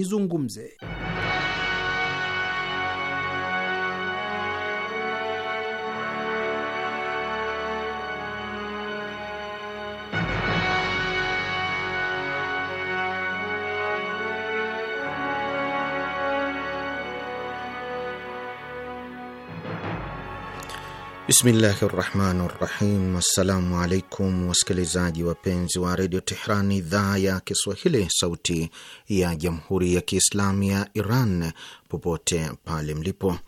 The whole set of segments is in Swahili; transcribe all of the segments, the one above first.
izungumze. Bismillahi rahmani rahim. Assalamu alaikum wasikilizaji wapenzi wa redio Tehran, idhaa ya Kiswahili, sauti ya jamhuri ya Kiislamu ya Iran, popote pale mlipo.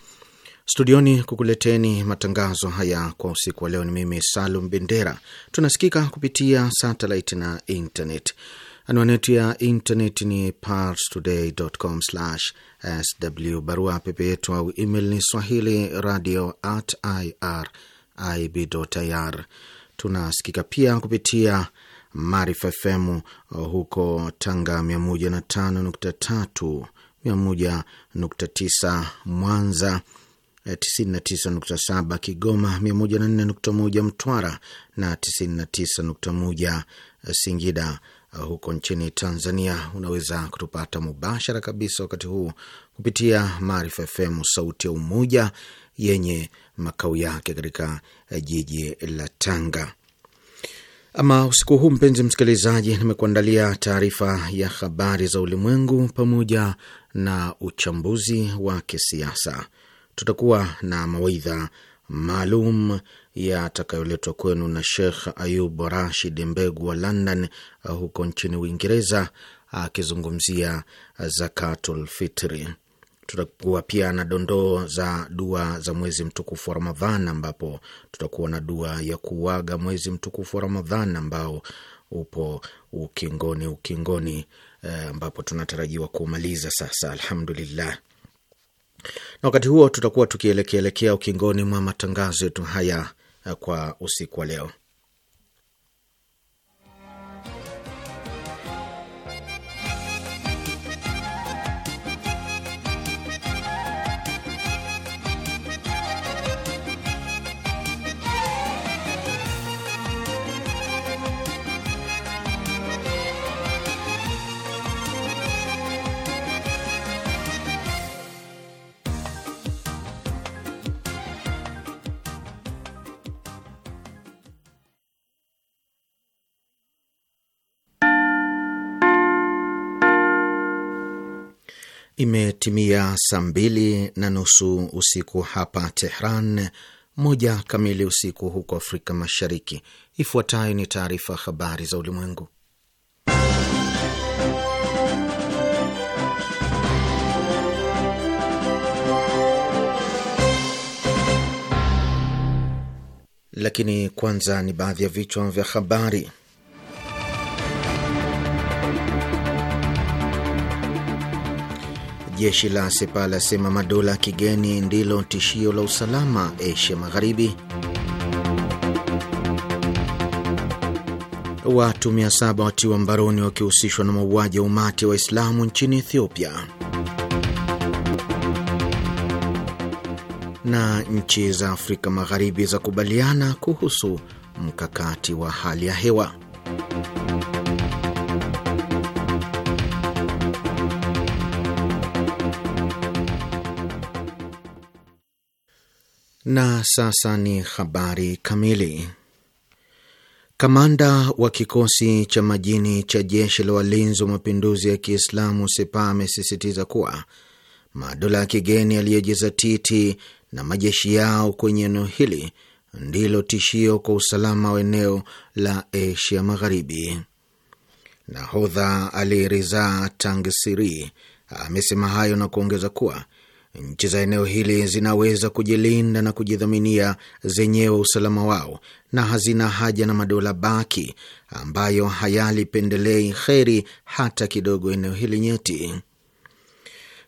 Studioni kukuleteni matangazo haya kwa usiku wa leo ni mimi Salum Bendera. Tunasikika kupitia satelit na internet. Anwani yetu ya intaneti ni parstoday.com/sw. Barua pepe yetu au email ni swahili radio at irib.ir. Tunasikika pia kupitia Maarifa FM huko Tanga 105.3, 101.9 Mwanza 99.7 eh, Kigoma, moja Mtwara na 99.1 eh, Singida huko nchini Tanzania, unaweza kutupata mubashara kabisa wakati huu kupitia Maarifa FM sauti ya Umoja yenye makao yake katika eh, jiji la Tanga. Ama usiku huu, mpenzi msikilizaji, nimekuandalia taarifa ya habari za ulimwengu pamoja na uchambuzi wa kisiasa. Tutakuwa na mawaidha maalum yatakayoletwa kwenu na shekh Ayub Rashid Mbegu wa London uh, huko nchini Uingereza akizungumzia uh, zakatul fitri. Tutakuwa pia na dondoo za dua za mwezi mtukufu wa Ramadhan, ambapo tutakuwa na dua ya kuuaga mwezi mtukufu wa Ramadhan ambao upo ukingoni ukingoni, uh, ambapo tunatarajiwa kumaliza sasa, alhamdulillah. Na wakati huo tutakuwa tukielekeelekea ukingoni mwa matangazo yetu haya kwa usiku wa leo. Imetimia saa mbili na nusu usiku hapa Tehran, moja kamili usiku huko Afrika Mashariki. Ifuatayo ni taarifa habari za ulimwengu, lakini kwanza ni baadhi ya vichwa vya habari. Jeshi la Sepa lasema madola kigeni ndilo tishio la usalama Asia Magharibi. Watu 700 watiwa mbaroni wakihusishwa na mauaji ya umati wa Waislamu nchini Ethiopia. Na nchi za Afrika Magharibi za kubaliana kuhusu mkakati wa hali ya hewa. Na sasa ni habari kamili. Kamanda wa kikosi cha majini cha jeshi la walinzi wa mapinduzi ya Kiislamu Sepa amesisitiza kuwa madola ya kigeni yaliyojizatiti na majeshi yao kwenye eneo hili ndilo tishio kwa usalama wa eneo la Asia Magharibi. Nahodha Ali Riza Tangsiri amesema hayo na kuongeza kuwa nchi za eneo hili zinaweza kujilinda na kujidhaminia zenyewe usalama wao na hazina haja na madola baki ambayo hayalipendelei kheri hata kidogo eneo hili nyeti.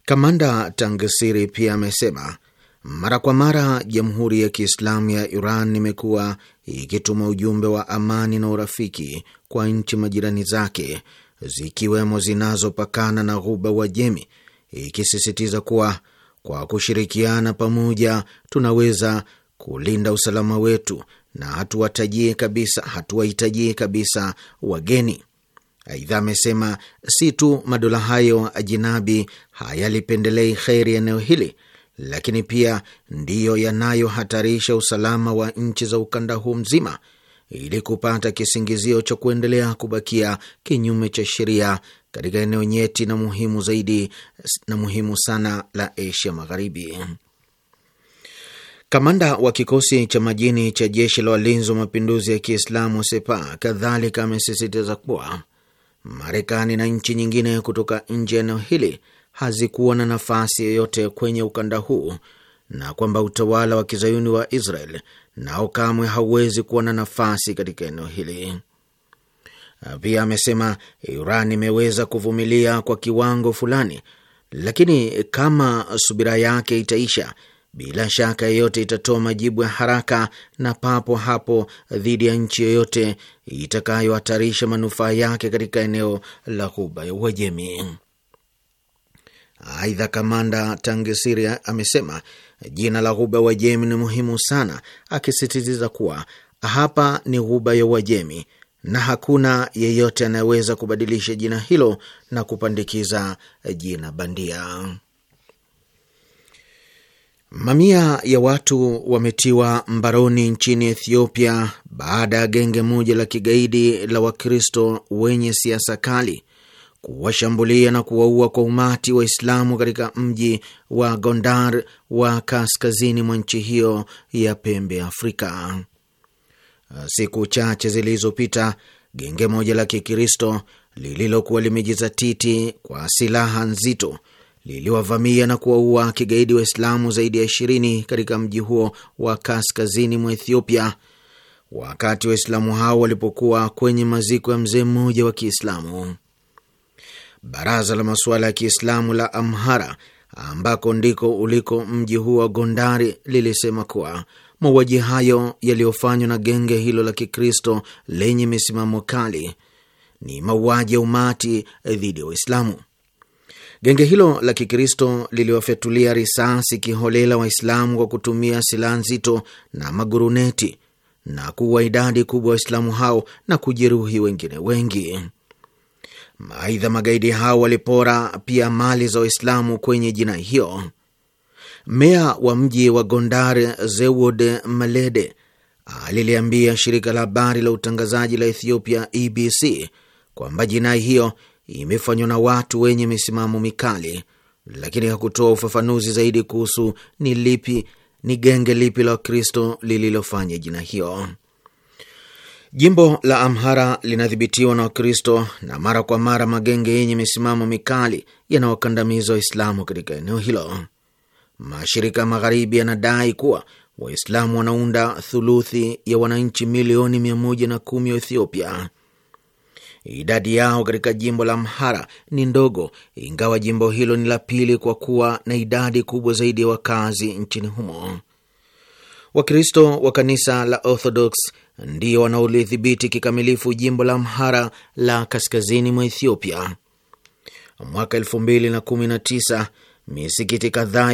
Kamanda Tangsiri pia amesema mara kwa mara Jamhuri ya Kiislamu ya Iran imekuwa ikituma ujumbe wa amani na urafiki kwa nchi majirani zake zikiwemo zinazopakana na Ghuba Wajemi, ikisisitiza kuwa kwa kushirikiana pamoja, tunaweza kulinda usalama wetu na hatuwahitajii kabisa, hatuwahitajii kabisa wageni. Aidha amesema si tu madola hayo ajinabi hayalipendelei kheri eneo hili, lakini pia ndiyo yanayohatarisha usalama wa nchi za ukanda huu mzima ili kupata kisingizio cha kuendelea kubakia kinyume cha sheria katika eneo nyeti na muhimu zaidi na muhimu sana la Asia Magharibi. Kamanda wa kikosi cha majini cha jeshi la walinzi wa mapinduzi ya Kiislamu Sepa kadhalika amesisitiza kuwa Marekani na nchi nyingine kutoka nje ya eneo hili hazikuwa na nafasi yoyote kwenye ukanda huu na kwamba utawala wa kizayuni wa Israel nao kamwe hauwezi kuwa na nafasi katika eneo hili. Pia amesema Iran imeweza kuvumilia kwa kiwango fulani, lakini kama subira yake itaisha, bila shaka yeyote itatoa majibu ya haraka na papo hapo dhidi ya nchi yoyote itakayohatarisha manufaa yake katika eneo la Ghuba ya Uajemi. Aidha, kamanda Tangesiri amesema Jina la ghuba ya Uajemi ni muhimu sana, akisisitiza kuwa hapa ni ghuba ya Uajemi na hakuna yeyote anayeweza kubadilisha jina hilo na kupandikiza jina bandia. Mamia ya watu wametiwa mbaroni nchini Ethiopia baada ya genge moja la kigaidi la Wakristo wenye siasa kali kuwashambulia na kuwaua kwa umati Waislamu katika mji wa Gondar wa kaskazini mwa nchi hiyo ya pembe ya Afrika. Siku chache zilizopita, genge moja la Kikristo lililokuwa limejizatiti kwa silaha nzito liliwavamia na kuwaua kigaidi Waislamu zaidi ya ishirini katika mji huo wa kaskazini mwa Ethiopia wakati Waislamu hao walipokuwa kwenye maziko ya mzee mmoja wa Kiislamu baraza la masuala ya Kiislamu la Amhara ambako ndiko uliko mji huu wa Gondari lilisema kuwa mauaji hayo yaliyofanywa na genge hilo la Kikristo lenye misimamo kali ni mauaji ya umati dhidi ya Waislamu. Genge hilo la Kikristo liliwafyatulia risasi kiholela Waislamu kwa kutumia silaha nzito na maguruneti na kuwa idadi kubwa Waislamu hao na kujeruhi wengine wengi. Aidha, magaidi hao walipora pia mali za Waislamu kwenye jinai hiyo. Meya wa mji wa Gondar Zewod Malede aliliambia shirika la habari la utangazaji la Ethiopia EBC kwamba jinai hiyo imefanywa na watu wenye misimamo mikali, lakini hakutoa ufafanuzi zaidi kuhusu ni lipi, ni genge lipi la Wakristo lililofanya jinai hiyo. Jimbo la Amhara linadhibitiwa na Wakristo na mara kwa mara magenge yenye misimamo mikali yanawakandamiza Waislamu katika eneo hilo. Mashirika magharibi yanadai kuwa Waislamu wanaunda thuluthi ya wananchi milioni 110 wa Ethiopia. Idadi yao katika jimbo la Amhara ni ndogo, ingawa jimbo hilo ni la pili kwa kuwa na idadi kubwa zaidi ya wakazi nchini humo. Wakristo wa kanisa la Orthodox ndio wanaolidhibiti kikamilifu jimbo la Amhara la kaskazini mwa Ethiopia. Mwaka elfu mbili na kumi na tisa misikiti kadhaa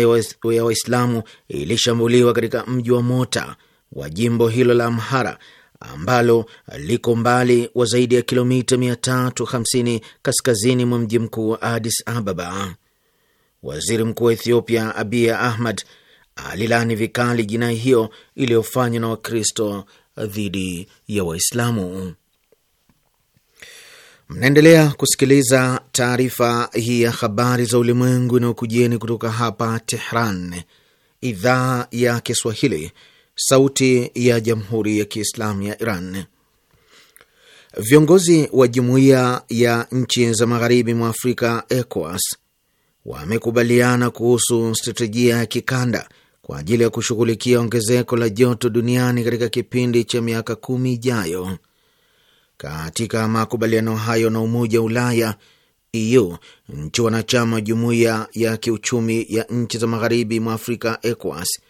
ya Waislamu ilishambuliwa katika mji wa Mota wa jimbo hilo la Amhara ambalo liko mbali wa zaidi ya kilomita 350 kaskazini mwa mji mkuu wa Addis Ababa. Waziri mkuu wa Ethiopia Abiy Ahmed alilani vikali jinai hiyo iliyofanywa na Wakristo dhidi ya Waislamu. Mnaendelea kusikiliza taarifa hii ya habari za ulimwengu inayokujieni kutoka hapa Tehran, idhaa ya Kiswahili, sauti ya jamhuri ya kiislamu ya Iran. Viongozi wa jumuiya ya nchi za magharibi mwa Afrika, ECOWAS, wamekubaliana kuhusu strategia ya kikanda kwa ajili ya kushughulikia ongezeko la joto duniani katika kipindi cha miaka kumi ijayo. Katika makubaliano hayo na Umoja wa Ulaya EU, nchi wanachama Jumuiya ya Kiuchumi ya Nchi za Magharibi mwa Afrika ECOWAS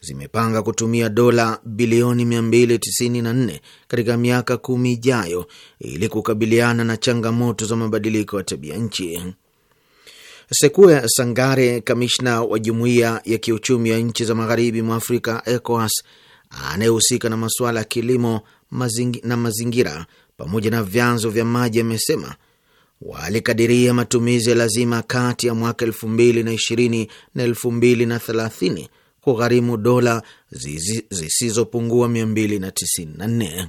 zimepanga kutumia dola bilioni 294 katika miaka kumi ijayo ili kukabiliana na changamoto za mabadiliko ya tabia nchi. Sekue Sangare, kamishna wa jumuiya ya kiuchumi ya nchi za magharibi mwa Afrika, ECOWAS, anayehusika na masuala ya kilimo mazingi, na mazingira pamoja na vyanzo vya maji, amesema walikadiria matumizi ya lazima kati ya mwaka elfu mbili na ishirini na elfu mbili na thelathini kugharimu dola zisizopungua 294.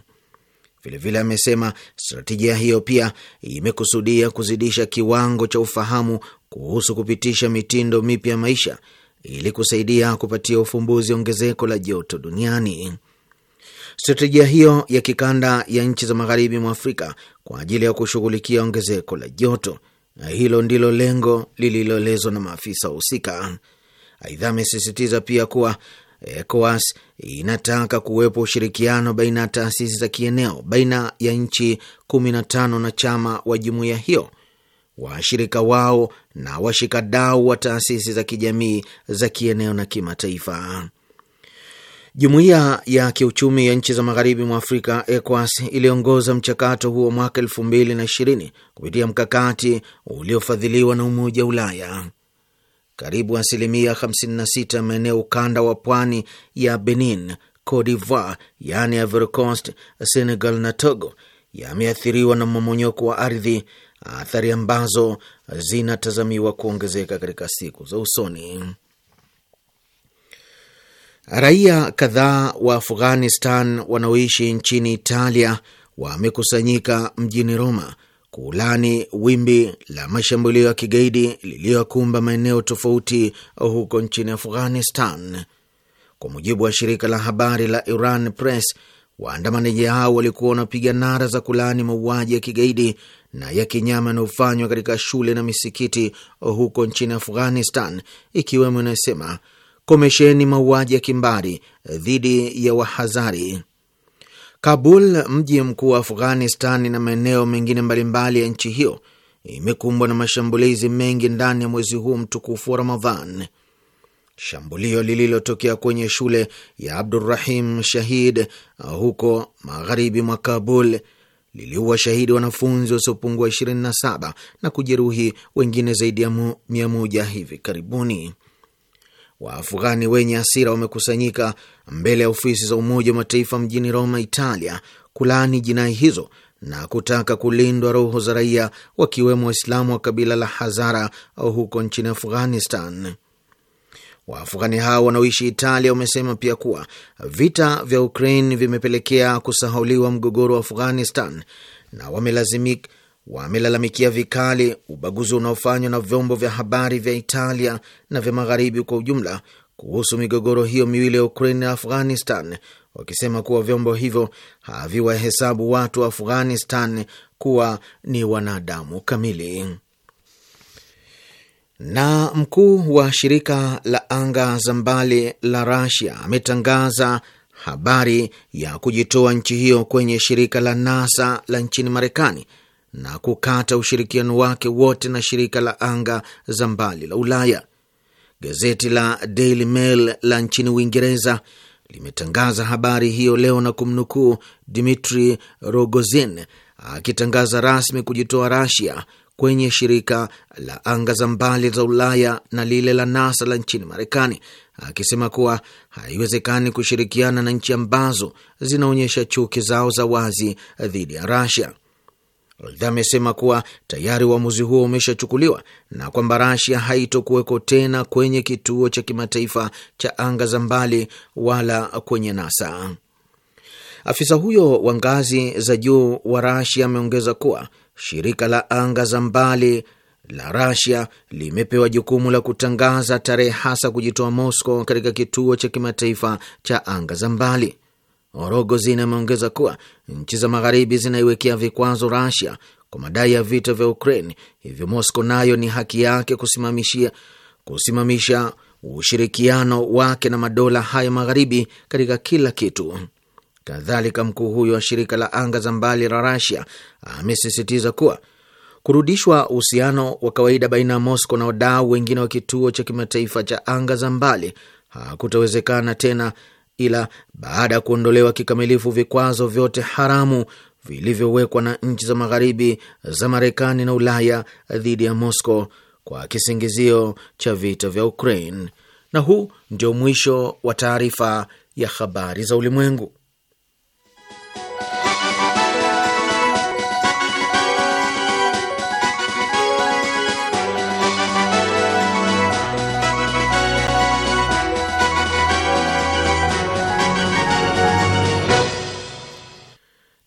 Vilevile amesema stratejia hiyo pia imekusudia kuzidisha kiwango cha ufahamu kuhusu kupitisha mitindo mipya ya maisha ili kusaidia kupatia ufumbuzi ongezeko la joto duniani. Strategia hiyo ya kikanda ya nchi za magharibi mwa Afrika kwa ajili ya kushughulikia ongezeko la joto, na hilo ndilo lengo lililoelezwa na maafisa husika. Aidha, amesisitiza pia kuwa ECOWAS inataka kuwepo ushirikiano baina ya taasisi za kieneo baina ya nchi 15 na chama wa jumuiya hiyo washirika wao na washikadau wa taasisi za kijamii za kieneo na kimataifa. Jumuiya ya kiuchumi ya nchi za magharibi mwa Afrika, ECOWAS, iliongoza mchakato huo mwaka elfu mbili na ishirini kupitia mkakati uliofadhiliwa na Umoja wa Ulaya. Karibu asilimia 56 maeneo ukanda wa pwani ya Benin, Cote d'Ivoire yaani Ivory Coast, Senegal na Togo yameathiriwa na mmomonyoko wa ardhi athari ambazo zinatazamiwa kuongezeka katika siku za usoni. Raia kadhaa wa Afghanistan wanaoishi nchini Italia wamekusanyika mjini Roma kulani wimbi la mashambulio ya kigaidi liliyokumba maeneo tofauti huko nchini Afghanistan. Kwa mujibu wa shirika la habari la Iran Press, waandamanaji hao walikuwa wanapiga nara za kulaani mauaji ya kigaidi na ya kinyama yanayofanywa katika shule na misikiti huko nchini Afghanistan, ikiwemo inayosema komesheni mauaji ya kimbari dhidi ya Wahazari. Kabul, mji mkuu wa Afghanistan na maeneo mengine mbalimbali ya nchi hiyo, imekumbwa na mashambulizi mengi ndani ya mwezi huu mtukufu wa Ramadhan. Shambulio lililotokea kwenye shule ya Abdurrahim Shahid huko magharibi mwa Kabul liliua shahidi wanafunzi wasiopungua 27 na kujeruhi wengine zaidi ya mia moja hivi karibuni. Waafghani wenye hasira wamekusanyika mbele ya ofisi za Umoja wa Mataifa mjini Roma, Italia, kulaani jinai hizo na kutaka kulindwa roho za raia, wakiwemo Waislamu wa kabila la Hazara huko nchini Afghanistan. Waafghani hao wanaoishi Italia wamesema pia kuwa vita vya Ukraine vimepelekea kusahauliwa mgogoro wa Afghanistan na wamelazimika wamelalamikia vikali ubaguzi unaofanywa na vyombo vya habari vya Italia na vya magharibi kwa ujumla kuhusu migogoro hiyo miwili ya Ukraine na Afghanistan, wakisema kuwa vyombo hivyo haviwahesabu watu wa Afghanistan kuwa ni wanadamu kamili. Na mkuu wa shirika la anga za mbali la Rasia ametangaza habari ya kujitoa nchi hiyo kwenye shirika la NASA la nchini Marekani na kukata ushirikiano wake wote na shirika la anga za mbali la Ulaya. Gazeti la Daily Mail la nchini Uingereza limetangaza habari hiyo leo na kumnukuu Dmitri Rogozin akitangaza rasmi kujitoa Rasia kwenye shirika la anga za mbali za Ulaya na lile la NASA la nchini Marekani, akisema kuwa haiwezekani kushirikiana na nchi ambazo zinaonyesha chuki zao za wazi dhidi ya Rasia. Oldha amesema kuwa tayari uamuzi huo umeshachukuliwa na kwamba Rasia haitokuweko tena kwenye kituo cha kimataifa cha anga za mbali wala kwenye NASA. Afisa huyo wa ngazi za juu wa Rasia ameongeza kuwa shirika la anga za mbali la Rasia limepewa jukumu la kutangaza tarehe hasa kujitoa mosco katika kituo cha kimataifa cha anga za mbali. Orogozin ameongeza kuwa nchi za magharibi zinaiwekea vikwazo Rasia kwa madai ya vita vya Ukraine, hivyo mosco nayo ni haki yake kusimamishia kusimamisha ushirikiano wake na madola haya magharibi katika kila kitu. Kadhalika, mkuu huyo wa shirika la anga za mbali la Rasia amesisitiza kuwa kurudishwa uhusiano wa kawaida baina ya Moscow na wadau wengine wa kituo cha kimataifa cha anga za mbali hakutawezekana tena ila baada ya kuondolewa kikamilifu vikwazo vyote haramu vilivyowekwa na nchi za magharibi za Marekani na Ulaya dhidi ya Moscow kwa kisingizio cha vita vya Ukraine. Na huu ndio mwisho wa taarifa ya habari za ulimwengu.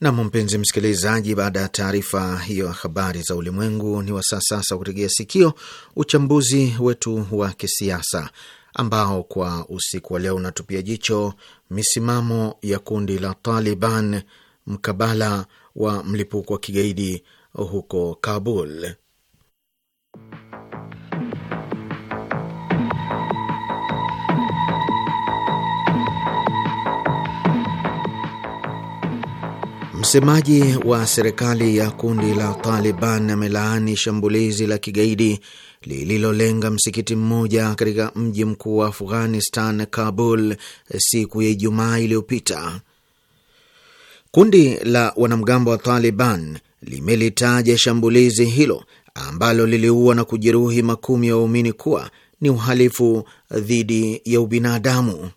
Nam, mpenzi msikilizaji, baada ya taarifa hiyo ya habari za ulimwengu, ni wasaa sasa kutegea sikio uchambuzi wetu wa kisiasa ambao kwa usiku wa leo unatupia jicho misimamo ya kundi la Taliban mkabala wa mlipuko wa kigaidi huko Kabul. Msemaji wa serikali ya kundi la Taliban amelaani shambulizi la kigaidi lililolenga msikiti mmoja katika mji mkuu wa Afghanistan, Kabul, siku ya Ijumaa iliyopita. Kundi la wanamgambo wa Taliban limelitaja shambulizi hilo ambalo liliua na kujeruhi makumi ya waumini kuwa ni uhalifu dhidi ya ubinadamu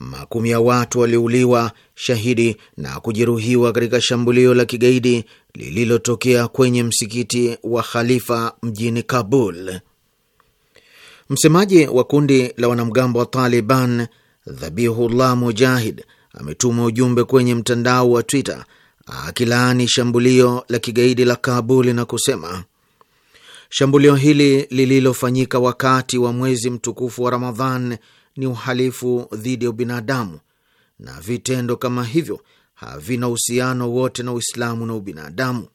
makumi ya watu waliuliwa shahidi na kujeruhiwa katika shambulio la kigaidi lililotokea kwenye msikiti wa Khalifa mjini Kabul. Msemaji wa kundi la wanamgambo wa Taliban Dhabihullah Mujahid ametuma ujumbe kwenye mtandao wa Twitter akilaani shambulio la kigaidi la Kabuli na kusema shambulio hili lililofanyika wakati wa mwezi mtukufu wa Ramadhan ni uhalifu dhidi ya ubinadamu na vitendo kama hivyo havina uhusiano wote na Uislamu na ubinadamu.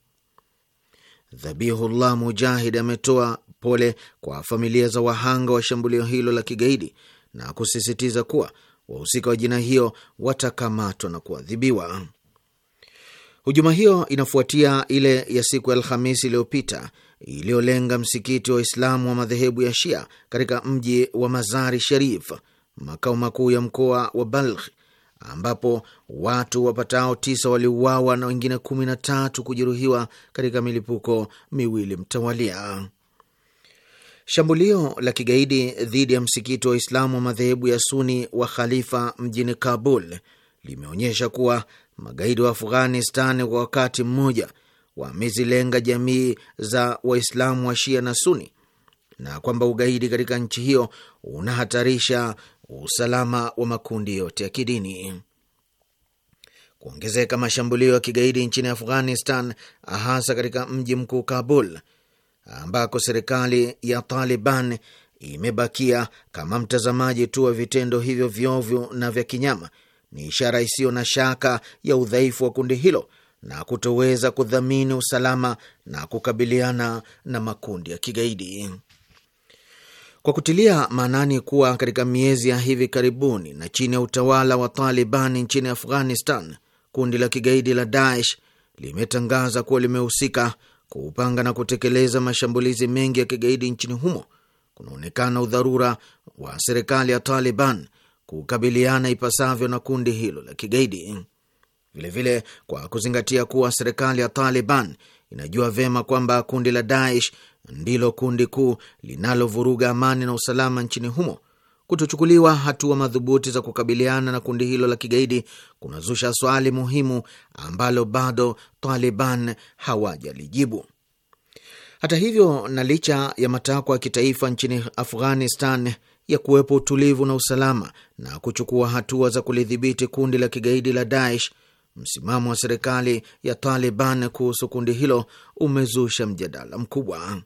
Dhabihullah Mujahid ametoa pole kwa familia za wahanga wa shambulio hilo la kigaidi na kusisitiza kuwa wahusika wa jina hiyo watakamatwa na kuadhibiwa. Hujuma hiyo inafuatia ile ya siku ya Alhamisi iliyopita iliyolenga msikiti wa Waislamu wa madhehebu ya Shia katika mji wa Mazari Sharif, makao makuu ya mkoa wa Balkh, ambapo watu wapatao tisa waliuawa na wengine kumi na tatu kujeruhiwa katika milipuko miwili mtawalia. Shambulio la kigaidi dhidi ya msikiti wa Waislamu wa madhehebu ya Suni wa Khalifa mjini Kabul limeonyesha kuwa magaidi wa Afghanistan kwa wakati mmoja wamezilenga jamii za Waislamu wa Shia na Suni na kwamba ugaidi katika nchi hiyo unahatarisha usalama wa makundi yote ya kidini. Kuongezeka mashambulio ya kigaidi nchini Afghanistan, hasa katika mji mkuu Kabul, ambako serikali ya Taliban imebakia kama mtazamaji tu wa vitendo hivyo vyovyo na vya kinyama, ni ishara isiyo na shaka ya udhaifu wa kundi hilo na kutoweza kudhamini usalama na kukabiliana na makundi ya kigaidi. Kwa kutilia maanani kuwa katika miezi ya hivi karibuni na chini ya utawala wa taliban nchini Afghanistan, kundi la kigaidi la Daesh limetangaza kuwa limehusika kuupanga na kutekeleza mashambulizi mengi ya kigaidi nchini humo, kunaonekana udharura wa serikali ya Taliban kukabiliana ipasavyo na kundi hilo la kigaidi. Vilevile kwa kuzingatia kuwa serikali ya Taliban inajua vyema kwamba kundi la Daesh ndilo kundi kuu linalovuruga amani na usalama nchini humo, kutochukuliwa hatua madhubuti za kukabiliana na kundi hilo la kigaidi kunazusha swali muhimu ambalo bado Taliban hawajalijibu. Hata hivyo, na licha ya matakwa ya kitaifa nchini Afghanistan ya kuwepo utulivu na usalama na kuchukua hatua za kulidhibiti kundi la kigaidi la Daesh, Msimamo wa serikali ya Taliban kuhusu kundi hilo umezusha mjadala mkubwa.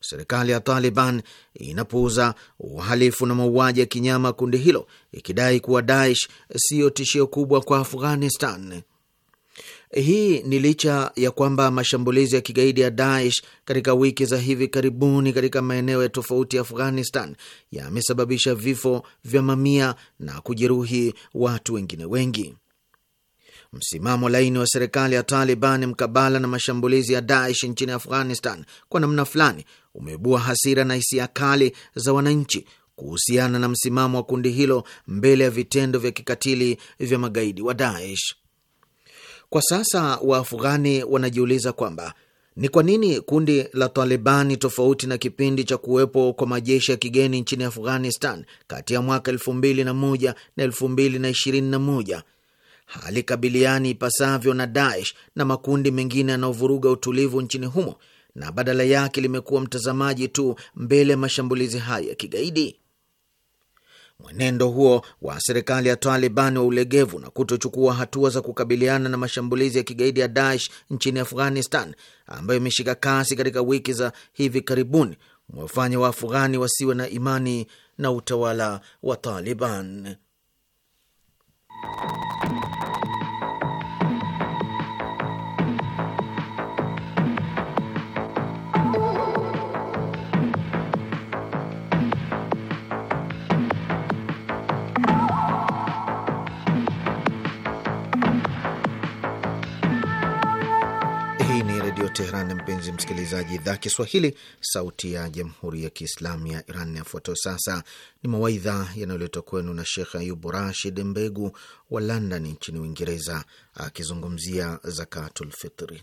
Serikali ya Taliban inapuuza uhalifu na mauaji ya kinyama kundi hilo, ikidai kuwa Daesh siyo tishio kubwa kwa Afghanistan. Hii ni licha ya kwamba mashambulizi ya kigaidi ya Daesh katika wiki za hivi karibuni katika maeneo ya tofauti ya Afghanistan yamesababisha vifo vya mamia na kujeruhi watu wengine wengi. Msimamo laini wa serikali ya Taliban mkabala na mashambulizi ya Daesh nchini Afghanistan kwa namna fulani umeibua hasira na hisia kali za wananchi kuhusiana na msimamo wa kundi hilo mbele ya vitendo vya kikatili vya magaidi wa Daesh. Kwa sasa Waafghani wanajiuliza kwamba ni kwa nini kundi la Talibani, tofauti na kipindi cha kuwepo kwa majeshi ya kigeni nchini Afghanistan kati ya mwaka elfu mbili na moja na elfu mbili na ishirini na moja halikabiliani ipasavyo na Daesh na makundi mengine yanayovuruga utulivu nchini humo na badala yake limekuwa mtazamaji tu mbele ya mashambulizi hayo ya kigaidi. Mwenendo huo wa serikali ya Taliban wa ulegevu na kutochukua hatua za kukabiliana na mashambulizi ya kigaidi ya Daesh nchini Afghanistan, ambayo imeshika kasi katika wiki za hivi karibuni, umewafanya Waafghani wasiwe na imani na utawala wa Taliban. mpenzi msikilizaji, idhaa Kiswahili sauti ya jamhuri ya kiislamu ya Iran. Yafuatao sasa ni mawaidha yanayoletwa kwenu na Shekh Ayubu Rashid Mbegu wa London nchini Uingereza, akizungumzia zakatulfitri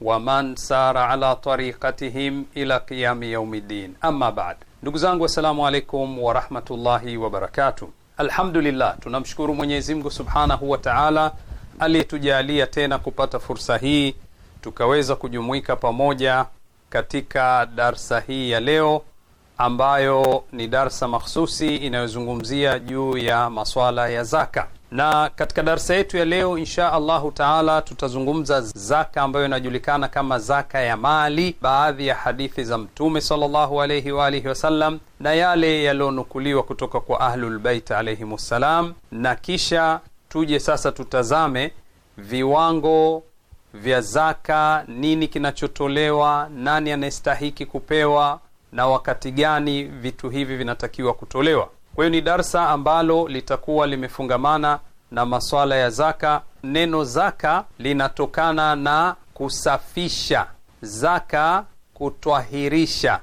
man sara ala tariqatihim ila qiyami yaumi Amma baad, ndugu zangu, assalamu alaikum warahmatullahi wabarakatuh. Alhamdulillah, tunamshukuru Mwenyezi Mungu subhanahu wa taala aliyetujalia tena kupata fursa hii tukaweza kujumuika pamoja katika darsa hii ya leo ambayo ni darsa mahsusi inayozungumzia juu ya maswala ya zaka na katika darsa yetu ya leo insha allahu taala tutazungumza zaka ambayo inajulikana kama zaka ya mali, baadhi ya hadithi za Mtume sallallahu alaihi wasallam na yale yaliyonukuliwa kutoka kwa Ahlulbeit alaihim ssalam, na kisha tuje sasa tutazame viwango vya zaka, nini kinachotolewa, nani anayestahiki kupewa, na wakati gani vitu hivi vinatakiwa kutolewa. Kwa hiyo ni darsa ambalo litakuwa limefungamana na maswala ya zaka. Neno zaka linatokana na kusafisha, zaka kutwahirisha,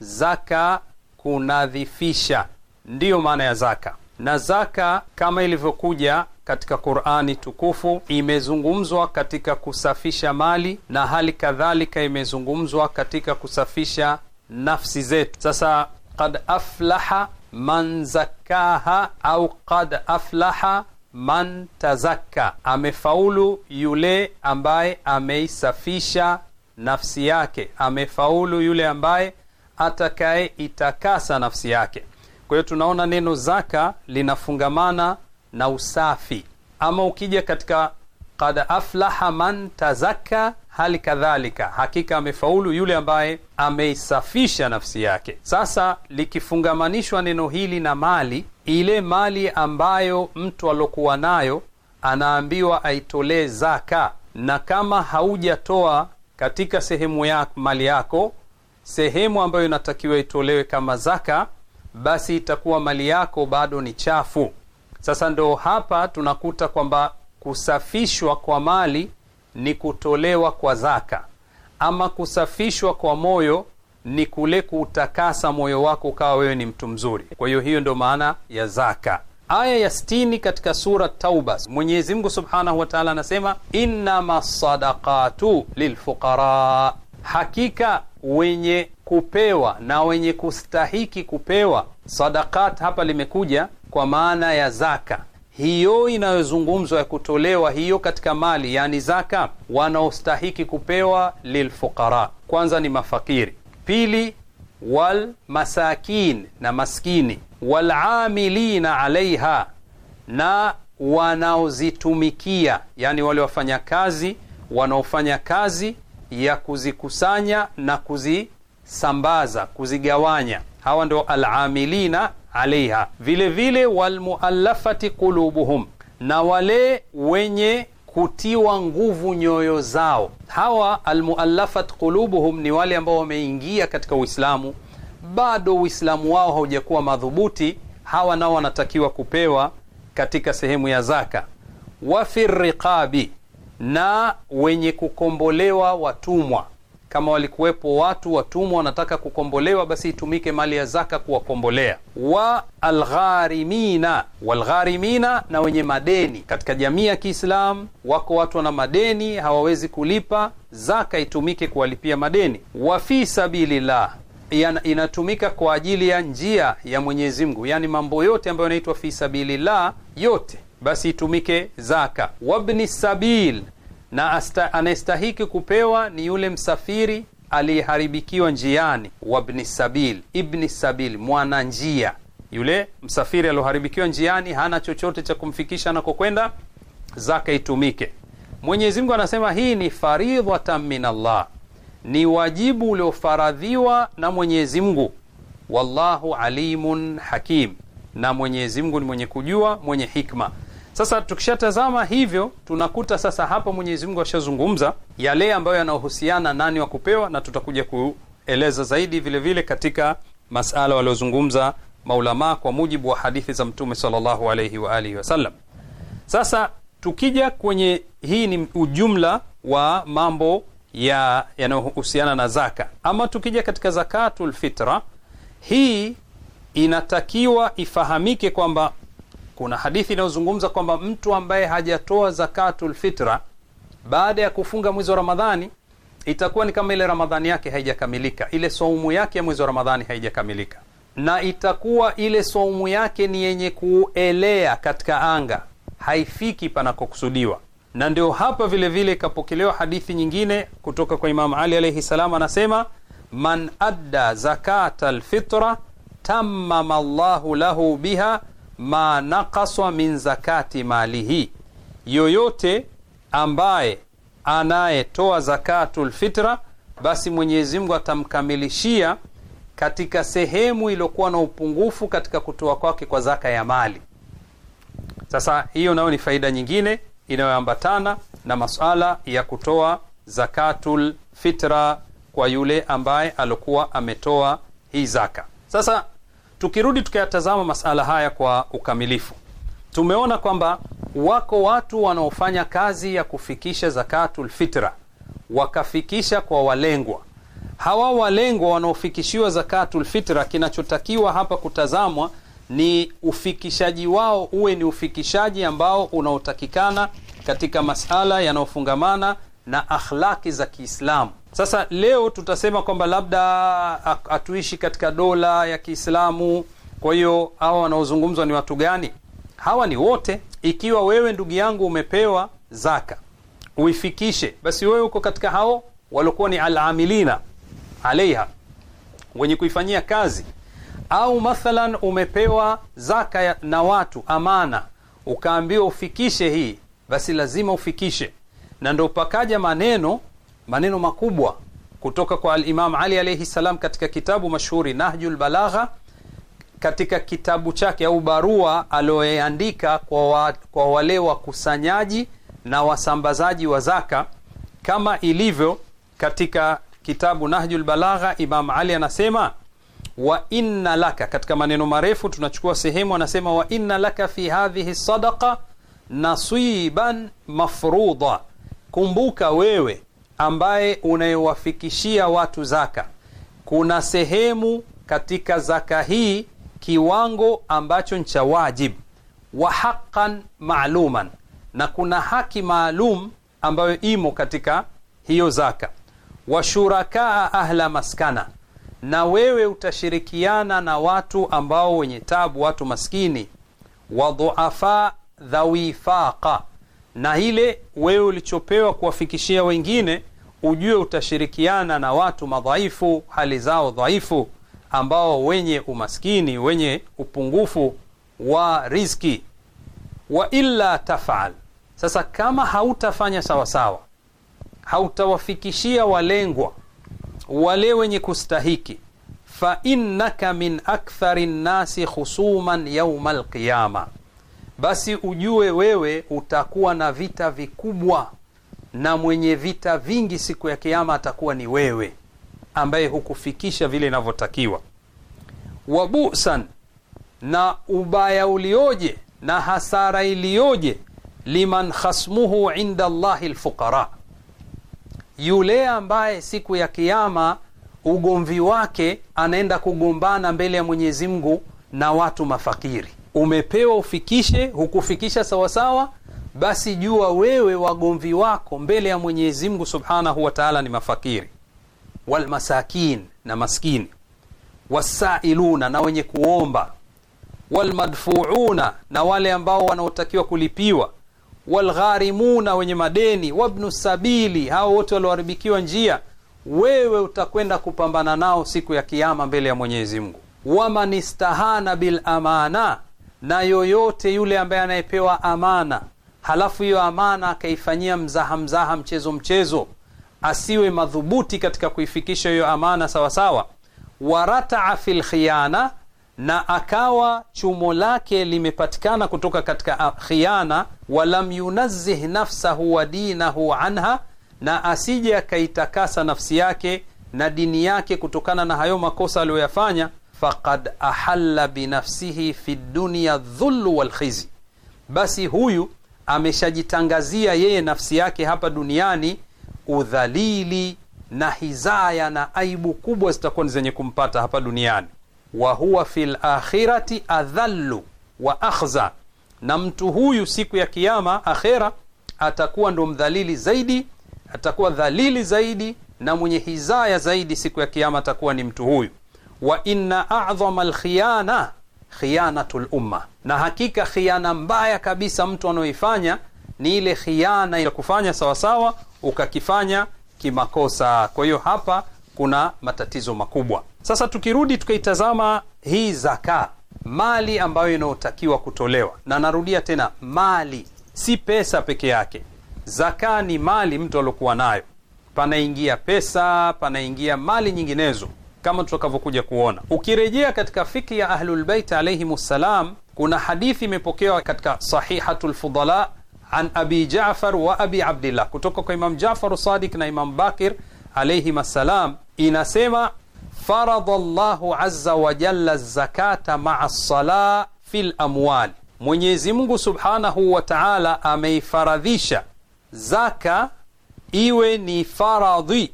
zaka kunadhifisha, ndiyo maana ya zaka. Na zaka kama ilivyokuja katika Qur'ani tukufu imezungumzwa katika kusafisha mali na hali kadhalika imezungumzwa katika kusafisha nafsi zetu. Sasa, qad aflaha man zakkaha au qad aflaha man tazakka, amefaulu yule ambaye ameisafisha nafsi yake, amefaulu yule ambaye atakaye itakasa nafsi yake. Kwa hiyo tunaona neno zaka linafungamana na usafi. Ama ukija katika qad aflaha man tazakka hali kadhalika, hakika amefaulu yule ambaye ameisafisha nafsi yake. Sasa likifungamanishwa neno hili na mali, ile mali ambayo mtu alokuwa nayo anaambiwa aitolee zaka, na kama haujatoa katika sehemu ya mali yako sehemu ambayo inatakiwa itolewe kama zaka, basi itakuwa mali yako bado ni chafu. Sasa ndo hapa tunakuta kwamba kusafishwa kwa mali ni kutolewa kwa zaka, ama kusafishwa kwa moyo ni kule kuutakasa moyo wako ukawa wewe ni mtu mzuri. Kwa hiyo hiyo ndio maana ya zaka. Aya ya sitini katika sura Tauba, Mwenyezi Mungu subhanahu wa taala anasema innama sadakatu lilfuqara, hakika wenye kupewa na wenye kustahiki kupewa. sadakat hapa limekuja kwa maana ya zaka hiyo inayozungumzwa ya kutolewa hiyo katika mali, yani zaka, wanaostahiki kupewa lilfuqara, kwanza ni mafakiri, pili walmasakin, na maskini, walamilina alaiha, na wanaozitumikia, yani wale wafanyakazi wanaofanya kazi ya kuzikusanya na kuzisambaza, kuzigawanya. Hawa ndio alamilina alaiha, vile vile walmuallafati qulubuhum, na wale wenye kutiwa nguvu nyoyo zao. Hawa almuallafat qulubuhum ni wale ambao wameingia katika Uislamu, bado Uislamu wao haujakuwa madhubuti. Hawa nao wanatakiwa kupewa katika sehemu ya zaka. Wafi riqabi, na wenye kukombolewa watumwa kama walikuwepo watu watumwa wanataka kukombolewa, basi itumike mali ya zaka kuwakombolea. wa algharimina walgharimina, na wenye madeni katika jamii ya Kiislamu wako watu wana madeni hawawezi kulipa, zaka itumike kuwalipia madeni. wa fi sabilillah inatumika kwa ajili ya njia ya Mwenyezi Mungu, yani mambo yote ambayo yanaitwa fi sabilillah yote, basi itumike zaka. wabni sabil na anayestahiki kupewa ni yule msafiri aliyeharibikiwa njiani, wabni sabil, ibni sabil, mwana njia. Yule msafiri alioharibikiwa njiani hana chochote cha kumfikisha anakokwenda, zaka itumike. Mwenyezi Mungu anasema hii ni faridhatan min Allah, ni wajibu uliofaradhiwa na Mwenyezi Mungu. Wallahu alimun hakim, na Mwenyezi Mungu ni mwenye kujua, mwenye hikma. Sasa tukishatazama hivyo, tunakuta sasa hapa Mwenyezi Mungu ashazungumza yale ambayo yanahusiana nani wa kupewa, na tutakuja kueleza zaidi vilevile vile katika masala waliozungumza maulamaa kwa mujibu wa hadithi za Mtume sallallahu alayhi wa alihi wasallam. Sasa tukija kwenye hii, ni ujumla wa mambo ya yanayohusiana na zaka. Ama tukija katika zakatul fitra, hii inatakiwa ifahamike kwamba kuna hadithi inayozungumza kwamba mtu ambaye hajatoa zakatul fitra baada ya kufunga mwezi wa Ramadhani itakuwa ni kama ile Ramadhani yake haijakamilika, ile saumu yake ya mwezi wa Ramadhani haijakamilika, na itakuwa ile saumu yake ni yenye kuelea katika anga, haifiki panakokusudiwa. Na ndio hapa vilevile ikapokelewa vile hadithi nyingine kutoka kwa Imamu Ali alaihi salam, anasema man adda zakata lfitra tamama llahu lahu biha ma nakaswa min zakati malihi, yoyote ambaye anayetoa zakatu fitra, basi Mwenyezi Mungu atamkamilishia katika sehemu iliyokuwa na upungufu katika kutoa kwake kwa zaka ya mali. Sasa hiyo nayo ni faida nyingine inayoambatana na masuala ya kutoa zakatul fitra kwa yule ambaye alikuwa ametoa hii zaka. Sasa Tukirudi tukayatazama masala haya kwa ukamilifu, tumeona kwamba wako watu wanaofanya kazi ya kufikisha zakatulfitra wakafikisha kwa walengwa. Hawa walengwa wanaofikishiwa zakatulfitra kinachotakiwa hapa kutazamwa ni ufikishaji wao uwe ni ufikishaji ambao unaotakikana katika masala yanayofungamana na akhlaki za Kiislamu sasa leo tutasema kwamba labda hatuishi katika dola ya Kiislamu, kwa hiyo hawa wanaozungumzwa ni watu gani? Hawa ni wote. Ikiwa wewe ndugu yangu umepewa zaka uifikishe, basi wewe uko katika hao waliokuwa ni alamilina aleiha wenye kuifanyia kazi. Au mathalan umepewa zaka na watu amana, ukaambiwa ufikishe hii, basi lazima ufikishe, na ndo pakaja maneno maneno makubwa kutoka kwa al Ali alaihi salam katika kitabu mashuhuri Nahju lbalagha, katika kitabu chake au barua aliyoandika kwa, wa, kwa wale wakusanyaji na wasambazaji wa zaka, kama ilivyo katika kitabu Nahju lbalagha, Imam Ali anasema wa inna laka, katika maneno marefu tunachukua sehemu, anasema wa inna laka fi hadhihi sadaqa nasiban mafruda, kumbuka wewe ambaye unayowafikishia watu zaka, kuna sehemu katika zaka hii kiwango ambacho ni cha wajib wa haqan maaluman, na kuna haki maalum ambayo imo katika hiyo zaka. Washurakaa ahla maskana, na wewe utashirikiana na watu ambao wenye tabu, watu maskini. Wadhuafa dhawifaqa na ile wewe ulichopewa kuwafikishia wengine, ujue utashirikiana na watu madhaifu, hali zao dhaifu, ambao wenye umaskini, wenye upungufu wa riski Wa illa tafal, sasa kama hautafanya sawasawa, hautawafikishia walengwa wale wenye kustahiki, fa innaka min akthari nnasi khusuman yauma alqiyama basi ujue wewe utakuwa na vita vikubwa, na mwenye vita vingi siku ya Kiama atakuwa ni wewe ambaye hukufikisha vile inavyotakiwa. Wabusan, na ubaya ulioje na hasara iliyoje! Liman khasmuhu inda llahi lfuqara, yule ambaye siku ya Kiama ugomvi wake anaenda kugombana mbele ya Mwenyezi Mungu na watu mafakiri umepewa ufikishe, hukufikisha sawasawa, basi jua wewe wagomvi wako mbele ya Mwenyezi Mungu subhanahu wa taala ni mafakiri, walmasakin na maskini, wasailuna na wenye kuomba, walmadfuuna na wale ambao wanaotakiwa kulipiwa, walgharimuna wenye madeni, wabnu sabili, hao wote walioharibikiwa njia, wewe utakwenda kupambana nao siku ya Kiama mbele ya Mwenyezi Mungu. Waman istahana bilamana na yoyote yule ambaye anayepewa amana halafu hiyo amana akaifanyia mzaha mzaha, mchezo mchezo, asiwe madhubuti katika kuifikisha hiyo amana sawasawa. Warataa fi lkhiyana, na akawa chumo lake limepatikana kutoka katika ah, khiana. Walam yunazih nafsahu wa dinahu anha, na asije akaitakasa nafsi yake na dini yake kutokana na hayo makosa aliyoyafanya faqad ahalla binafsihi fi dunia dhulu walkhizi, basi huyu ameshajitangazia yeye nafsi yake hapa duniani udhalili na hizaya na aibu kubwa zitakuwa ni zenye kumpata hapa duniani. Wa huwa fi lakhirati adhallu wa akhza, na mtu huyu siku ya kiama akhera, atakuwa ndo mdhalili zaidi, atakuwa dhalili zaidi na mwenye hizaya zaidi siku ya kiama atakuwa ni mtu huyu wa inna a'dhama alkhiyana khiyanatu lumma, na hakika khiana mbaya kabisa mtu anaoifanya ni ile khiana ya kufanya sawasawa ukakifanya kimakosa. Kwa hiyo hapa kuna matatizo makubwa. Sasa tukirudi tukaitazama hii zaka, mali ambayo inayotakiwa kutolewa, na narudia tena, mali si pesa peke yake. Zaka ni mali mtu aliokuwa nayo, panaingia pesa, panaingia mali nyinginezo kama tutakavyokuja kuona. Ukirejea katika fiki ya Ahlulbeit alayhimus salam, kuna hadithi imepokewa katika Sahihatu lfudala an abi Jafar wa abi Abdillah, kutoka kwa Imam Jafar sadik na Imam Bakir alayhim assalam, inasema faradha llahu azza wa zakata maa lsala fi lamwal Mwenyezi subhanahu wa taala ameifaradhisha zaka iwe ni faradhi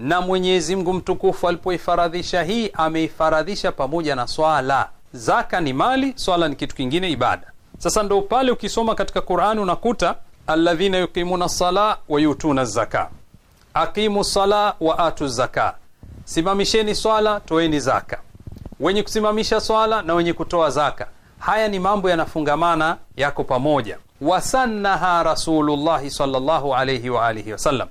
na Mwenyezi Mungu mtukufu alipoifaradhisha hii ameifaradhisha pamoja na swala. Zaka ni mali, swala ni kitu kingine, ibada. Sasa ndo pale ukisoma katika Qur'ani unakuta alladhina yuqimuna sala wa yutuna zaka, aqimu sala wa atu zaka, simamisheni swala, toeni zaka. Wenye kusimamisha swala na wenye kutoa zaka, haya ni mambo yanafungamana, yako pamoja. Wasannaha Rasulullahi sallallahu alayhi wa alihi wasallam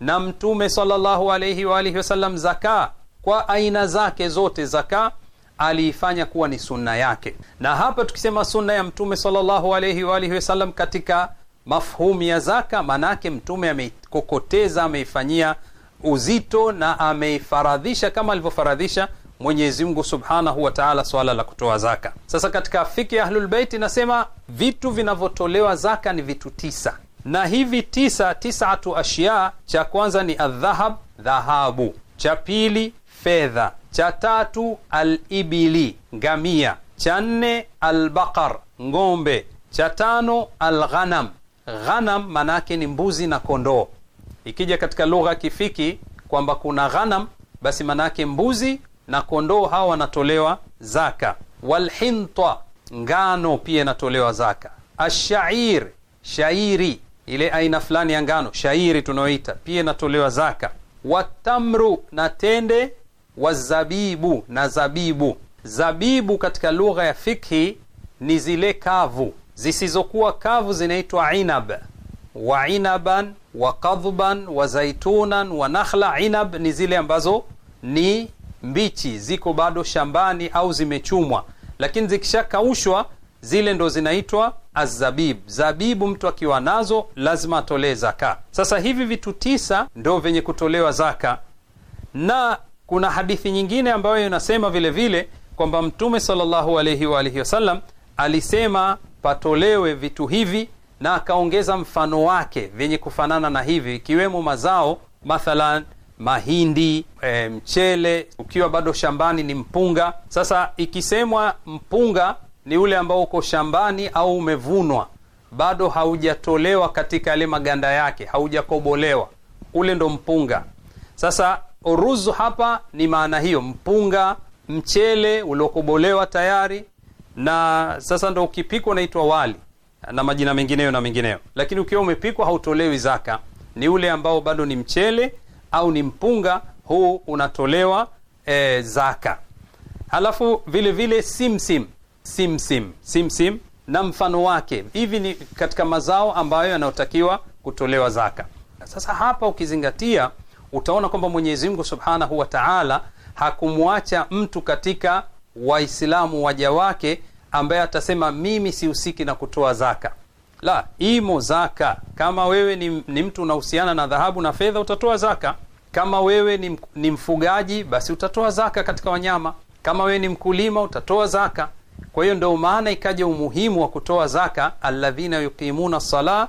na Mtume sallallahu alayhi wa alihi wasallam zaka kwa aina zake zote, zaka aliifanya kuwa ni sunna yake. Na hapa tukisema sunna ya Mtume sallallahu alayhi wa alihi wasallam katika mafhumu ya zaka, maanake Mtume ameikokoteza, ameifanyia uzito na ameifaradhisha kama alivyofaradhisha Mwenyezi Mungu subhanahu wa taala swala la kutoa zaka. Sasa katika fiki ya Ahlulbeiti inasema vitu vinavyotolewa zaka ni vitu tisa na hivi tisa, tisatu ashya, cha kwanza ni aldhahab, dhahabu, cha pili fedha, cha tatu alibili, ngamia, cha nne albaqar, ng'ombe, cha tano alghanam. Ghanam manaake ni mbuzi na kondoo. Ikija katika lugha kifiki kwamba kuna ghanam, basi manake mbuzi na kondoo hawa wanatolewa zaka. Walhinta, ngano pia inatolewa zaka. Ashair, shairi ile aina fulani ya ngano shairi tunayoita pia inatolewa zaka. Watamru na tende, wazabibu na zabibu. Zabibu katika lugha ya fikhi ni zile kavu, zisizokuwa kavu zinaitwa inab wa inaban wa kadhban wa zaitunan wa nakhla. Inab ni zile ambazo ni mbichi, ziko bado shambani au zimechumwa, lakini zikishakaushwa zile ndo zinaitwa azabib zabibu, mtu akiwa nazo lazima atolee zaka. Sasa hivi vitu tisa ndo vyenye kutolewa zaka, na kuna hadithi nyingine ambayo inasema vilevile kwamba Mtume sallallahu alaihi wa alihi wasallam alisema patolewe vitu hivi, na akaongeza mfano wake vyenye kufanana na hivi, ikiwemo mazao mathalan mahindi e, mchele ukiwa bado shambani ni mpunga. Sasa ikisemwa mpunga ni ule ambao uko shambani au umevunwa, bado haujatolewa katika yale maganda yake, haujakobolewa. Ule ndo mpunga. Sasa uruzu hapa ni maana hiyo, mpunga, mchele uliokobolewa tayari, na sasa ndo ukipikwa unaitwa wali na majina mengineyo na mengineyo. Lakini ukiwa umepikwa hautolewi zaka, ni ule ambao bado ni mchele au ni mpunga, huu unatolewa e, zaka. Halafu vile vile simsim simsim simsim na mfano wake. Hivi ni katika mazao ambayo yanayotakiwa kutolewa zaka. Sasa hapa ukizingatia, utaona kwamba Mwenyezi Mungu Subhanahu wa Ta'ala hakumwacha mtu katika Waislamu waja wake ambaye atasema mimi sihusiki na kutoa zaka. La, imo zaka. Kama wewe ni, ni mtu unahusiana na dhahabu na fedha, utatoa zaka. Kama wewe ni, ni mfugaji, basi utatoa zaka katika wanyama. Kama wewe ni mkulima, utatoa zaka kwa hiyo ndo maana ikaja umuhimu wa kutoa zaka, alladhina yuqimuna sala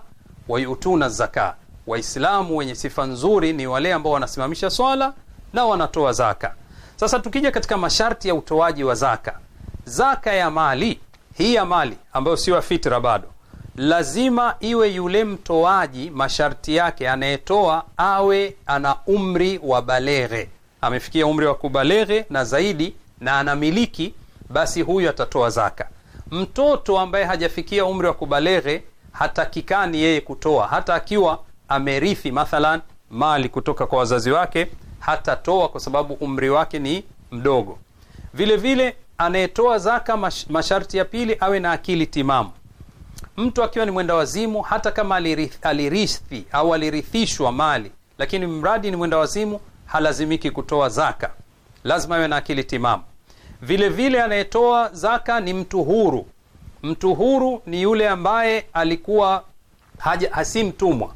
wa yutuna zaka. Waislamu wenye sifa nzuri ni wale ambao wanasimamisha swala na wanatoa zaka. Sasa tukija katika masharti ya utoaji wa zaka, zaka ya mali hii ya mali ambayo sio fitra bado, lazima iwe yule mtoaji, masharti yake anayetoa awe ana umri wa baleghe, amefikia umri wa kubaleghe na zaidi, na anamiliki basi huyu atatoa zaka. Mtoto ambaye hajafikia umri wa kubaleghe hatakikani yeye kutoa, hata akiwa amerithi mathalan mali kutoka kwa wazazi wake hatatoa, kwa sababu umri wake ni mdogo. Vilevile vile anayetoa zaka, masharti ya pili, awe na akili timamu. Mtu akiwa ni mwenda wazimu, hata kama alirithi au alirithishwa mali, lakini mradi ni mwenda wazimu, halazimiki kutoa zaka. Lazima awe na akili timamu. Vile vile anayetoa zaka ni mtu huru. Mtu huru ni yule ambaye alikuwa haja, hasi mtumwa.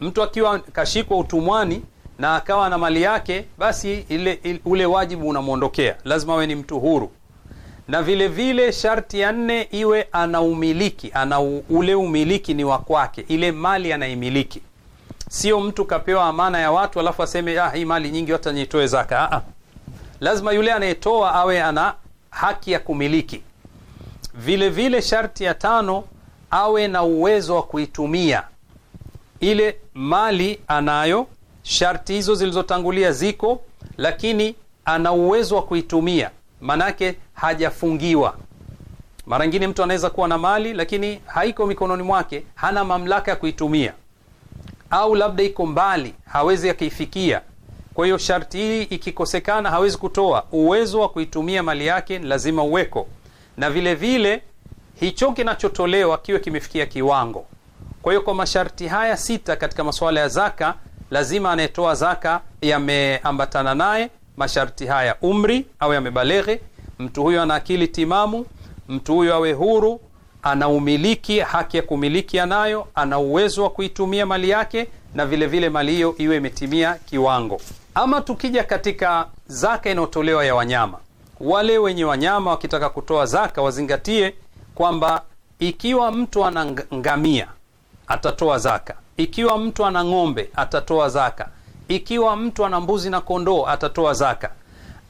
Mtu akiwa kashikwa utumwani na akawa na mali yake, basi ile, ile, ule wajibu unamwondokea, lazima awe ni mtu huru. Na vile vile sharti ya nne iwe ana umiliki, ana ule umiliki ni wa kwake, ile mali anaimiliki, sio mtu kapewa amana ya watu alafu aseme ah, hii mali nyingi hata nitoe zaka. Ah, ah lazima yule anayetoa awe ana haki ya kumiliki. Vile vile sharti ya tano, awe na uwezo wa kuitumia ile mali anayo. Sharti hizo zilizotangulia ziko, lakini ana uwezo wa kuitumia, maanaake hajafungiwa. Mara nyingine mtu anaweza kuwa na mali lakini haiko mikononi mwake, hana mamlaka ya kuitumia, au labda iko mbali, hawezi akaifikia kwa hiyo sharti hii ikikosekana, hawezi kutoa. Uwezo wa kuitumia mali yake lazima uweko, na vile vile hicho kinachotolewa kiwe kimefikia kiwango. Kwa hiyo kwa masharti haya sita katika masuala ya zaka, lazima anayetoa zaka yameambatana naye masharti haya: umri awe yamebaleghe, mtu huyo ana akili timamu, mtu huyo awe huru, ana umiliki, haki ya kumiliki anayo, ana uwezo wa kuitumia mali yake, na vilevile vile mali hiyo iwe imetimia kiwango. Ama tukija katika zaka inayotolewa ya wanyama, wale wenye wanyama wakitaka kutoa zaka wazingatie kwamba ikiwa mtu ana ngamia atatoa zaka, ikiwa mtu ana ng'ombe atatoa zaka, ikiwa mtu ana mbuzi na kondoo atatoa zaka.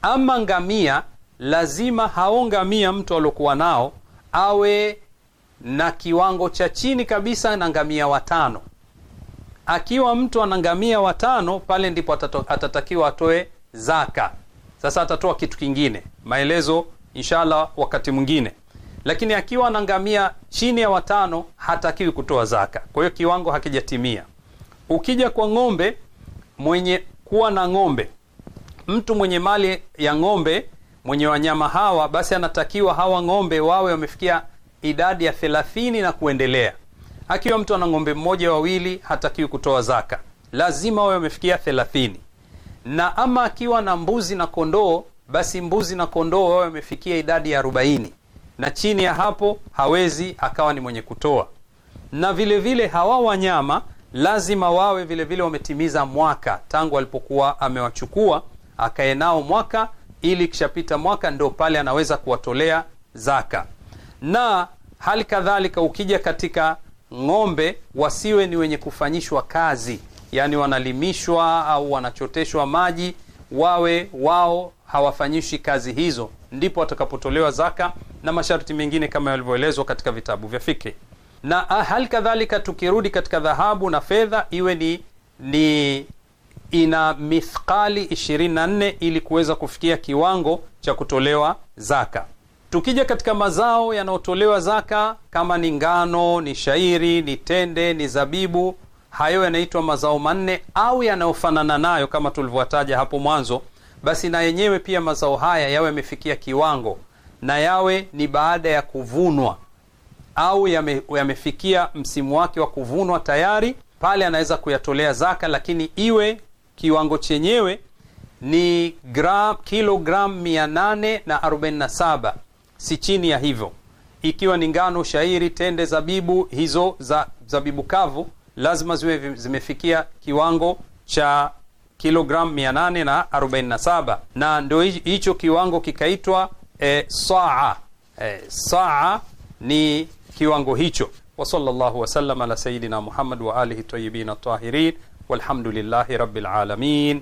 Ama ngamia, lazima hao ngamia mtu aliokuwa nao awe na kiwango cha chini kabisa na ngamia watano akiwa mtu ana ngamia watano, pale ndipo atatakiwa atoe zaka. Sasa atatoa kitu kingine, maelezo inshallah wakati mwingine. Lakini akiwa ana ngamia chini ya watano hatakiwi kutoa zaka, kwa hiyo kiwango hakijatimia. Ukija kwa ng'ombe, mwenye kuwa na ng'ombe, mtu mwenye mali ya ng'ombe, mwenye wanyama hawa, basi anatakiwa hawa ng'ombe wawe wamefikia idadi ya thelathini na kuendelea akiwa mtu ana ng'ombe mmoja wawili, hatakiwi kutoa zaka, lazima wawe wamefikia thelathini. Na ama akiwa na mbuzi na kondoo, basi mbuzi na kondoo wawe wamefikia idadi ya arobaini, na chini ya hapo hawezi akawa ni mwenye kutoa. Na vile vile hawa wanyama lazima wawe vile vile wametimiza mwaka tangu alipokuwa amewachukua akae nao mwaka, ili kishapita mwaka ndo pale anaweza kuwatolea zaka. Na hali kadhalika ukija katika ng'ombe wasiwe ni wenye kufanyishwa kazi, yani wanalimishwa au wanachoteshwa maji, wawe wao hawafanyishi kazi hizo, ndipo watakapotolewa zaka na masharti mengine kama yalivyoelezwa katika vitabu vya fiki. Na ah, hali kadhalika, tukirudi katika dhahabu na fedha, iwe ni, ni ina mithqali 24 ili kuweza kufikia kiwango cha kutolewa zaka. Tukija katika mazao yanayotolewa zaka, kama ni ngano, ni shairi, ni tende, ni zabibu, hayo yanaitwa mazao manne au yanayofanana nayo kama tulivyotaja hapo mwanzo. Basi na yenyewe pia mazao haya yawe yamefikia kiwango na yawe ni baada ya kuvunwa au yame, yamefikia msimu wake wa kuvunwa tayari, pale anaweza kuyatolea zaka, lakini iwe kiwango chenyewe ni na 847 si chini ya hivyo, ikiwa ni ngano, shairi, tende, zabibu. Hizo za zabibu kavu lazima ziwe zimefikia kiwango cha kilogram 847 na na ndio hicho kiwango kikaitwa e, saa e, saa ni kiwango hicho. Wa sallallahu wasallam ala sayidina Muhammad wa alihi tayyibin tahirin walhamdulillahi rabbil alamin.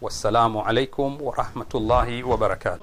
Wassalamu alaykum wa rahmatullahi wa barakatuh.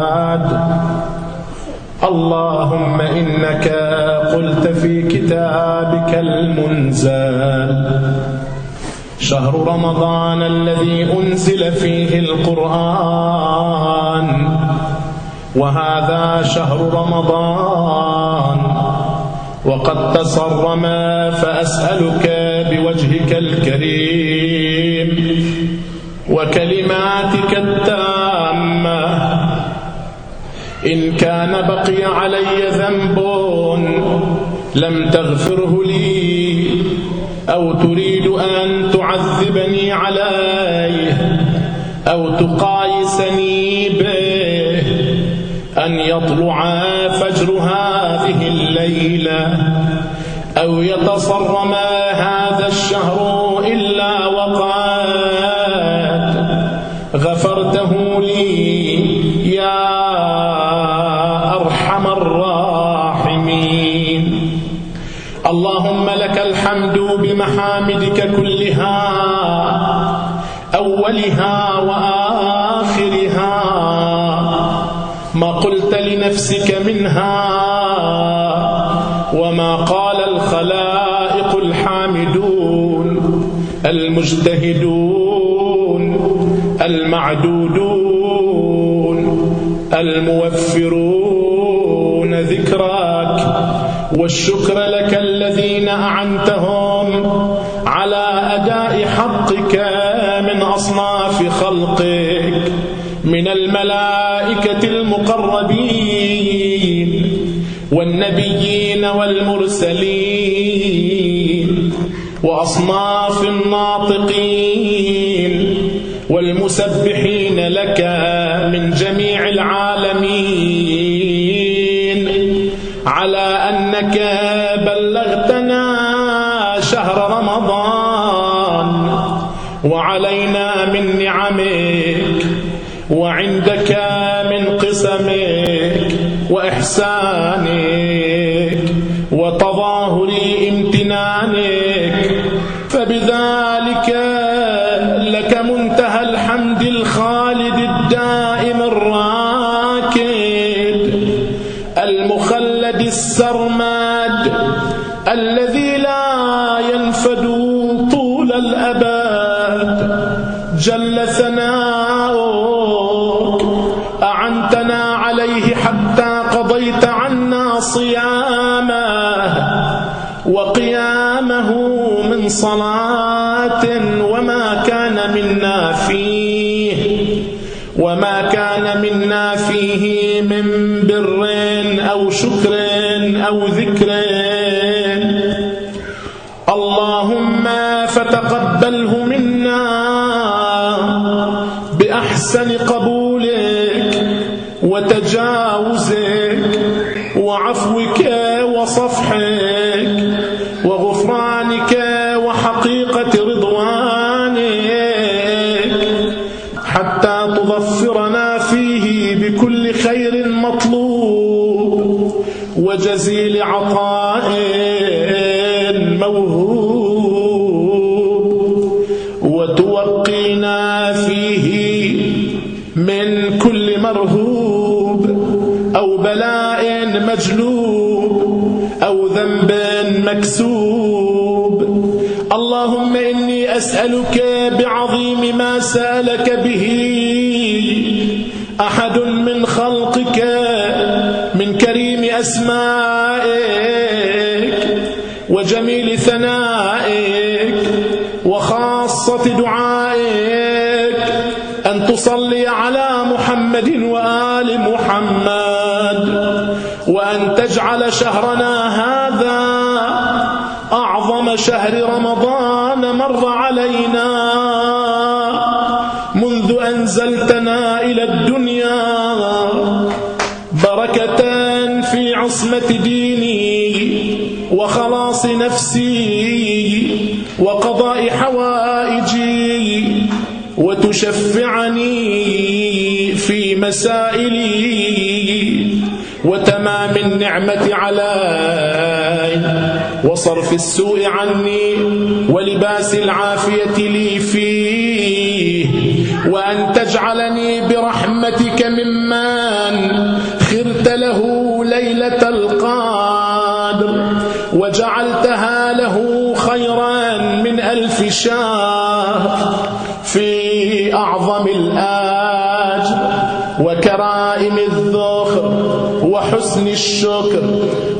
اللهم إنك قلت في كتابك المنزل شهر رمضان الذي أنزل فيه القرآن وهذا شهر رمضان وقد تصرم فأسألك بوجهك الكريم وكلماتك التامة إن كان بقي علي ذنب لم تغفره لي أو تريد أن تعذبني عليه أو تقايسني به أن يطلع فجر هذه الليلة أو يتصرم هذا الشهر أولها وآخرها ما قلت لنفسك منها وما قال الخلائق الحامدون المجتهدون المعدودون الموفرون ذكراك والشكر لك الذين أعنتهم على أداء حقك من أصناف خلقك من الملائكة المقربين والنبيين والمرسلين وأصناف الناطقين والمسبحين لك من جميع العالمين على أنك نعمه ثابت عنا صيامه وقيامه من صلاة وما كان منا فيه وما كان منا فيه من بر أو شكر أو ذكر شهرنا هذا أعظم شهر رمضان مر علينا منذ أنزلتنا إلى الدنيا بركة في عصمة ديني وخلاص نفسي وقضاء حوائجي وتشفعني في مسائلي النعمة علي وصرف السوء عني ولباس العافية لي فيه وأن تجعلني برحمتك ممن خرت له ليلة القادر وجعلتها له خيرا من ألف شهر وحسن الشكر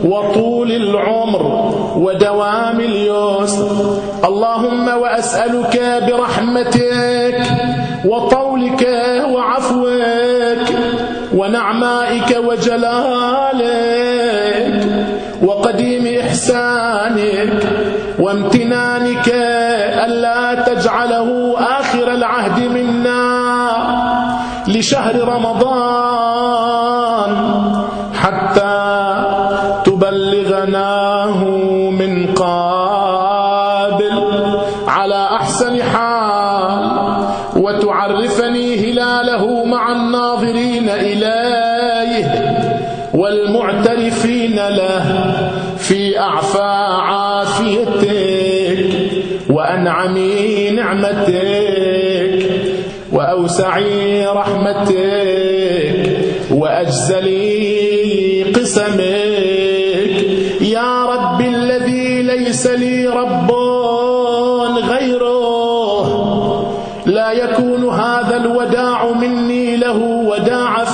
وطول العمر ودوام اليسر اللهم وأسألك برحمتك وطولك وعفوك ونعمائك وجلالك وقديم إحسانك وامتنانك ألا تجعله آخر العهد منا لشهر رمضان حتى تبلغناه من قابل على أحسن حال وتعرفني هلاله مع الناظرين إليه والمعترفين له في أعفى عافيتك وأنعمي نعمتك وأوسعي رحمتك وأجزلي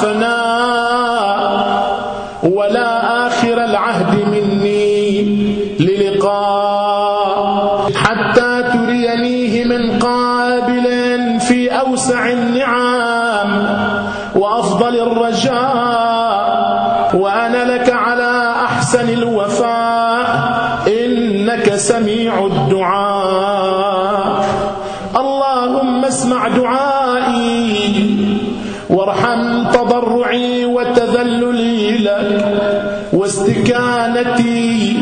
الفناء ولا آخر العهد مني للقاء حتى ترينيه من قابل في أوسع النعام وأفضل الرجاء وأنا لك على أحسن الوحيد امانتي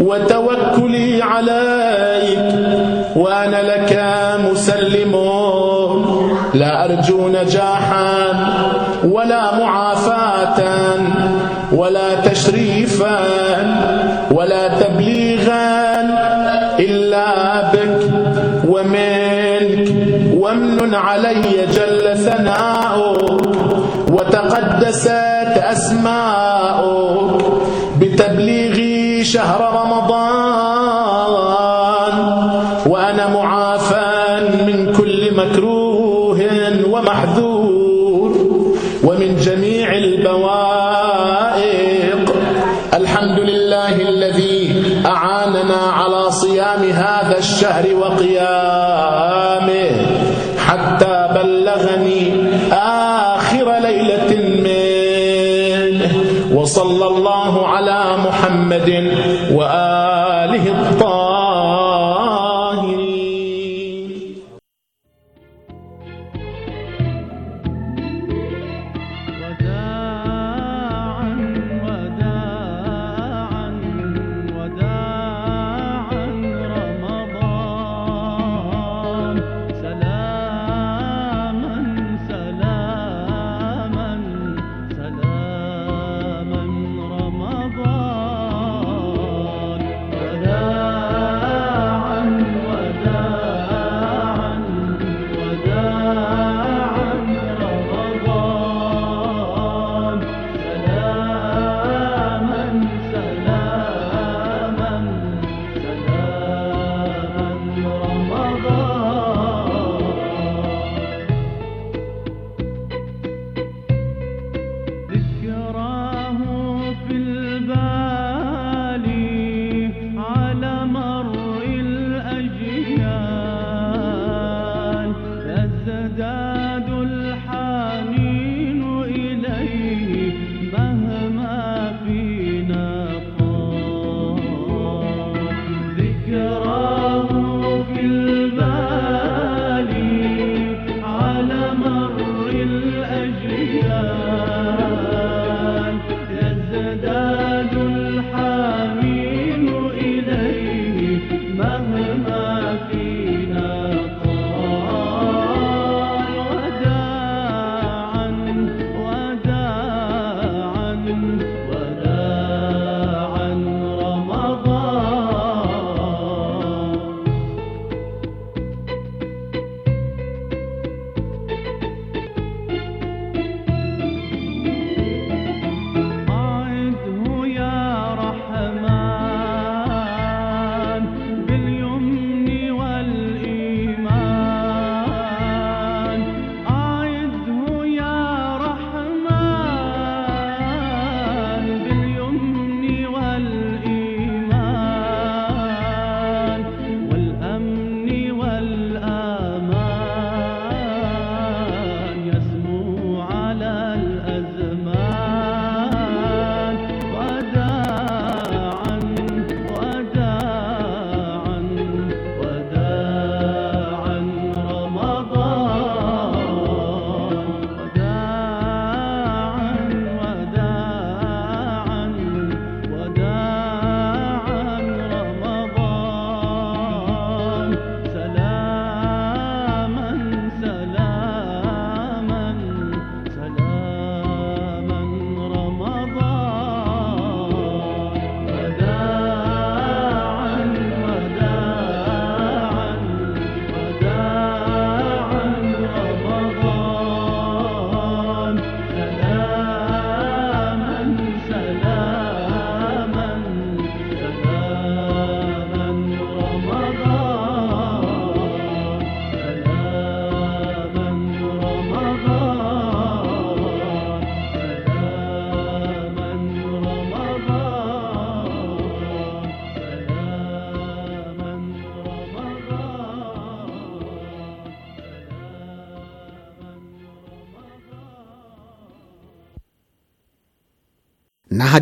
وتوكلي عليك وانا لك مسلم لا ارجو نجاحا ولا معافاه ولا تشريفا ولا تبليغا الا بك ومنك وامن علي جل ثناؤك وتقدست اسماؤك شهر رمضان وأنا معافى من كل مكروه ومحذور ومن جميع البوائق الحمد لله الذي أعاننا على صيام هذا الشهر وقيام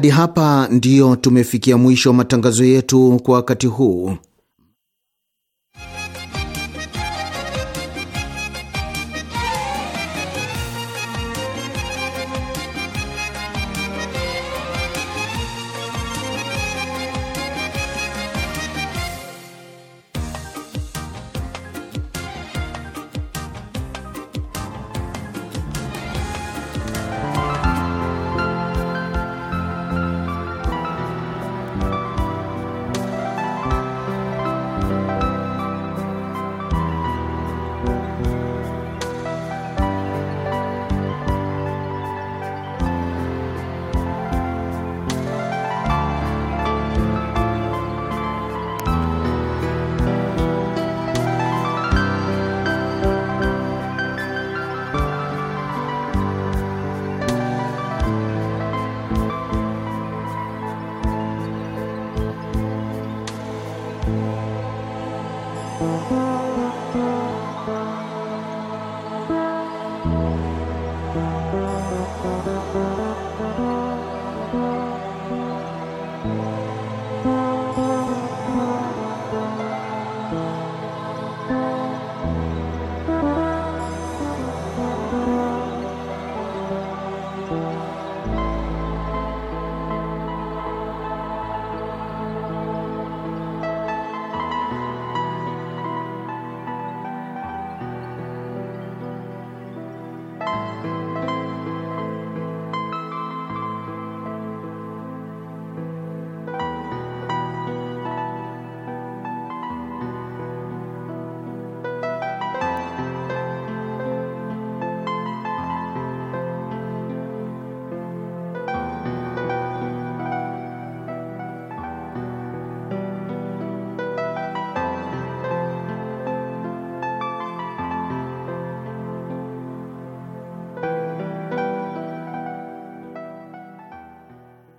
Hadi hapa ndiyo tumefikia mwisho wa matangazo yetu kwa wakati huu.